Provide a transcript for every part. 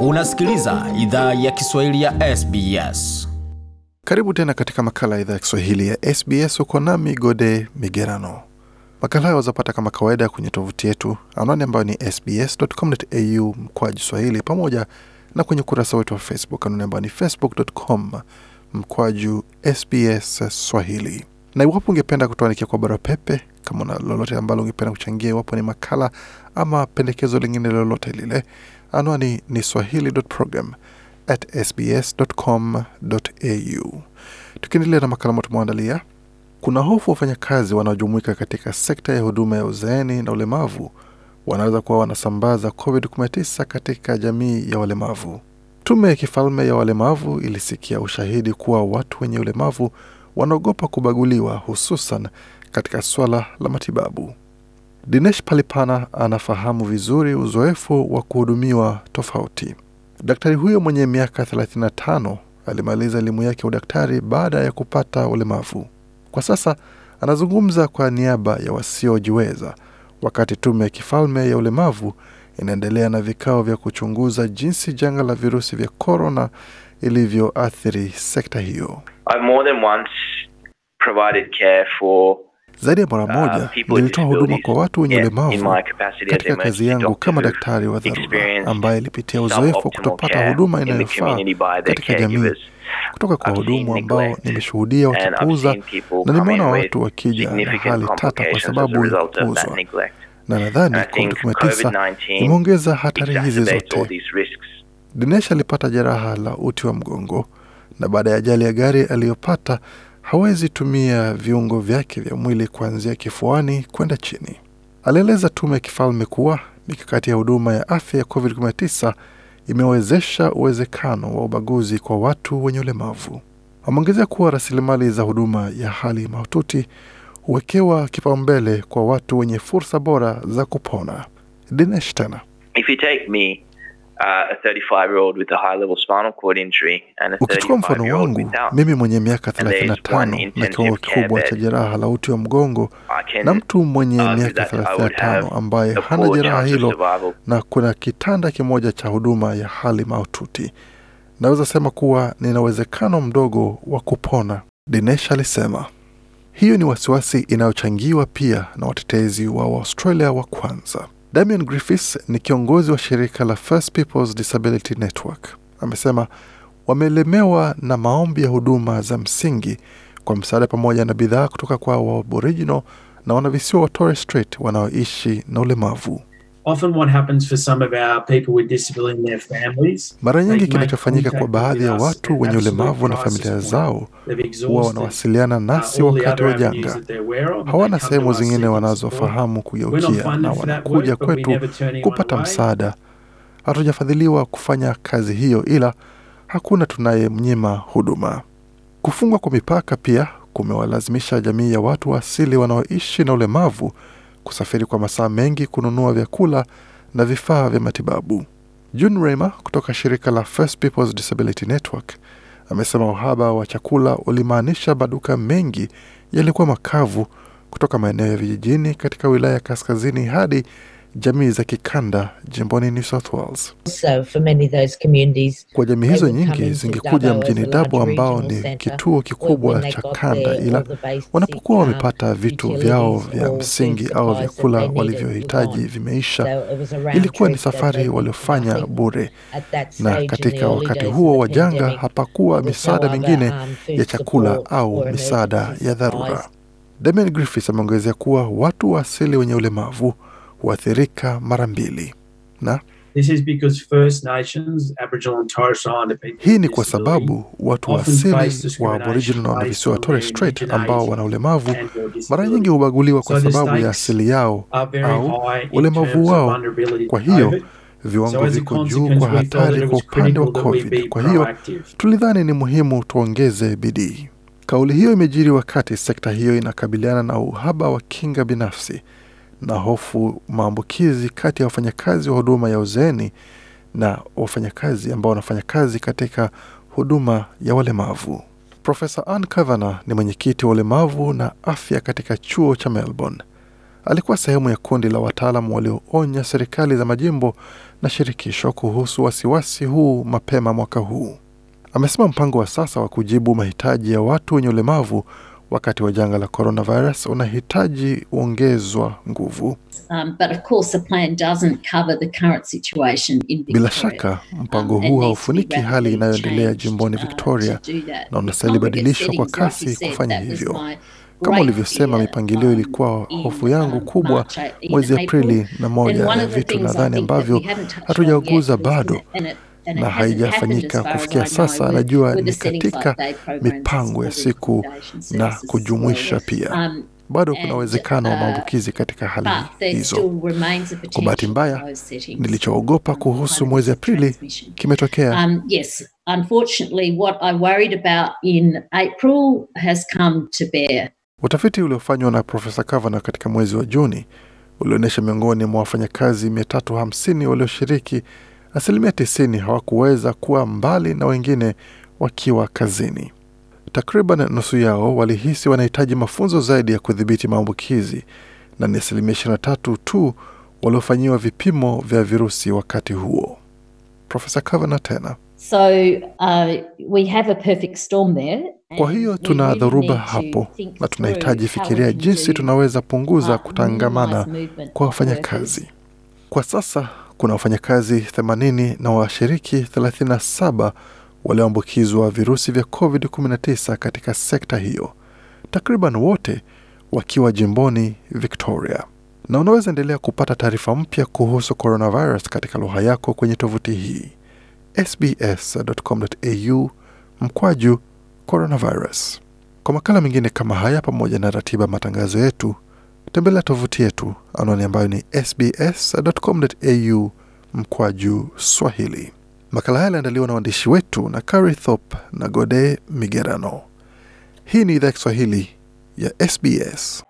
Unasikiliza idhaa ya Kiswahili ya SBS. Karibu tena katika makala ya idhaa ya Kiswahili ya SBS. Uko nami Gode Migerano. Makala hayo wazapata kama kawaida kwenye tovuti yetu, anwani ambayo ni sbs.com.au mkwaju swahili, pamoja na kwenye ukurasa wetu wa Facebook, anwani ambayo ni facebook.com mkwaju sbs swahili na iwapo ungependa kutuandikia kwa barua pepe, kama na lolote ambalo ungependa kuchangia, iwapo ni makala ama pendekezo lingine lolote lile, anwani ni swahili.program Tukiendelea na makala tumeandalia, kuna hofu wafanyakazi wanaojumuika katika sekta ya huduma ya uzeeni na ulemavu wanaweza kuwa wanasambaza COVID-19 katika jamii ya walemavu. Tume ya kifalme ya walemavu ilisikia ushahidi kuwa watu wenye ulemavu wanaogopa kubaguliwa, hususan katika swala la matibabu. Dinesh Palipana anafahamu vizuri uzoefu wa kuhudumiwa tofauti. Daktari huyo mwenye miaka 35 alimaliza elimu yake ya udaktari baada ya kupata ulemavu. Kwa sasa anazungumza kwa niaba ya wasiojiweza, wakati tume ya kifalme ya ulemavu inaendelea na vikao vya kuchunguza jinsi janga la virusi vya korona ilivyoathiri sekta hiyo. I've more than once provided care for zaidi ya mara uh, moja nilitoa huduma kwa watu wenye ulemavu katika kazi yangu kama daktari wa dharura ambaye ilipitia uzoefu wa kutopata huduma inayofaa katika jamii kutoka kwa wahudumu ambao nimeshuhudia wakipuuza, na nimeona watu wakija na hali tata kwa sababu ya kupuuzwa, na nadhani COVID-19 imeongeza hatari hizi zote. Dinesh alipata jeraha la uti wa mgongo na baada ya ajali ya gari aliyopata hawezi tumia viungo vyake vya mwili kuanzia kifuani kwenda chini. Alieleza tume ya kifalme kuwa mikakati ya huduma ya afya ya COVID-19 imewezesha uwezekano wa ubaguzi kwa watu wenye ulemavu. Ameongezea kuwa rasilimali za huduma ya hali mahututi huwekewa kipaumbele kwa watu wenye fursa bora za kupona. Dinesh tena Uh, ukichukua mfano wangu mimi mwenye miaka 35 na kiwango kikubwa cha jeraha la uti wa mgongo na mtu mwenye miaka 35 ambaye hana jeraha hilo, na kuna kitanda kimoja cha huduma ya hali maututi naweza sema kuwa nina uwezekano mdogo wa kupona, Dinesh alisema. Hiyo ni wasiwasi inayochangiwa pia na watetezi wa waustralia wa kwanza. Damian Griffiths ni kiongozi wa shirika la First People's Disability Network. Amesema wamelemewa na maombi ya huduma za msingi kwa msaada pamoja na bidhaa kutoka kwa Waaboriginal na wanavisiwa wa Torres Strait wanaoishi na ulemavu. Often what happens for some of our people with disability and their families, mara nyingi kinachofanyika kwa baadhi ya watu wenye ulemavu na familia zao huwa wanawasiliana uh, nasi wakati wa janga. Hawana sehemu zingine wanazofahamu kugeukia na wanakuja kwetu kupata msaada. Hatujafadhiliwa kufanya kazi hiyo, ila hakuna tunayemnyima huduma. Kufungwa kwa mipaka pia kumewalazimisha jamii ya watu wa asili wanaoishi na ulemavu kusafiri kwa masaa mengi kununua vyakula na vifaa vya matibabu. June Raymer kutoka shirika la First People's Disability Network amesema uhaba wa chakula ulimaanisha maduka mengi yalikuwa makavu kutoka maeneo ya vijijini katika wilaya ya kaskazini hadi jamii za kikanda jimboni New South Wales. So for many of those communities, kwa jamii hizo nyingi zingekuja mjini Dabo ambao ni kituo kikubwa cha kanda, ila wanapokuwa uh, wamepata vitu vyao vya msingi au vyakula walivyohitaji vimeisha, ilikuwa ni safari waliofanya bure, na katika wakati huo wa janga hapakuwa misaada mingine ya chakula au misaada ya dharura. Damian Griffiths ameongezea kuwa watu wa asili wenye ulemavu huathirika mara mbili na This is because First Nations, Aboriginal and Torres Islander hii ni kwa sababu watu wa asili wa Aboriginal na wanavisiwa Torres Strait ambao wana ulemavu mara nyingi hubaguliwa kwa sababu ya asili yao au ulemavu wao. Kwa hiyo viwango viko juu kwa hatari kwa upande wa COVID. Kwa hiyo tulidhani ni muhimu tuongeze bidii. Kauli hiyo imejiri wakati sekta hiyo inakabiliana na uhaba wa kinga binafsi na hofu maambukizi kati ya wafanyakazi wa huduma ya uzeeni na wafanyakazi ambao wanafanya kazi katika huduma ya walemavu. Profesa Ann Kavanagh ni mwenyekiti wa ulemavu na afya katika chuo cha Melbourne. Alikuwa sehemu ya kundi la wataalam walioonya serikali za majimbo na shirikisho kuhusu wasiwasi huu mapema mwaka huu. Amesema mpango wa sasa wa kujibu mahitaji ya watu wenye ulemavu wakati wa janga la coronavirus unahitaji uongezwa nguvu. Um, but of course the plan doesn't cover the current situation in Victoria. Bila shaka mpango um, huu haufuniki hali inayoendelea jimboni um, Victoria uh, na unastahili badilishwa kwa kasi kufanya hivyo. Kama ulivyosema, mipangilio um, ilikuwa hofu yangu kubwa uh, mwezi Aprili, na moja ya vitu nadhani ambavyo hatujauguza bado na haijafanyika kufikia sasa. Anajua ni katika mipango ya siku na kujumuisha pia um, bado kuna uwezekano wa uh, maambukizi katika hali hizo. Kwa bahati mbaya, nilichoogopa um, kuhusu mwezi Aprili kimetokea. Um, Utafiti uliofanywa na Profesa Kavanaugh katika mwezi wa Juni ulionyesha miongoni mwa wafanyakazi 350 walioshiriki asilimia tisini hawakuweza kuwa mbali na wengine wakiwa kazini. Takriban nusu yao walihisi wanahitaji mafunzo zaidi ya kudhibiti maambukizi na ni asilimia 23 tu waliofanyiwa vipimo vya virusi wakati huo. Profesa Kavana tena So, uh, we have a perfect storm there. Kwa hiyo tuna dharuba hapo na tunahitaji fikiria jinsi tunaweza punguza kutangamana kwa wafanyakazi. Kwa sasa kuna wafanyakazi 80 na washiriki 37 walioambukizwa virusi vya COVID-19 katika sekta hiyo, takriban wote wakiwa jimboni Victoria. Na unaweza endelea kupata taarifa mpya kuhusu coronavirus katika lugha yako kwenye tovuti hii sbs.com.au mkwaju coronavirus. Kwa makala mengine kama haya, pamoja na ratiba matangazo yetu tembelea tovuti yetu anwani ambayo ni sbs.com.au mkwaju swahili. Makala haya yaliandaliwa na waandishi wetu na Carithop na Gode Migerano. Hii ni idhaa ya Kiswahili ya SBS.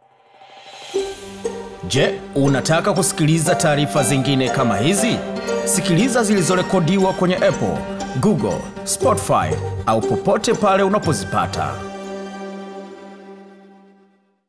Je, unataka kusikiliza taarifa zingine kama hizi? Sikiliza zilizorekodiwa kwenye Apple, Google, Spotify au popote pale unapozipata.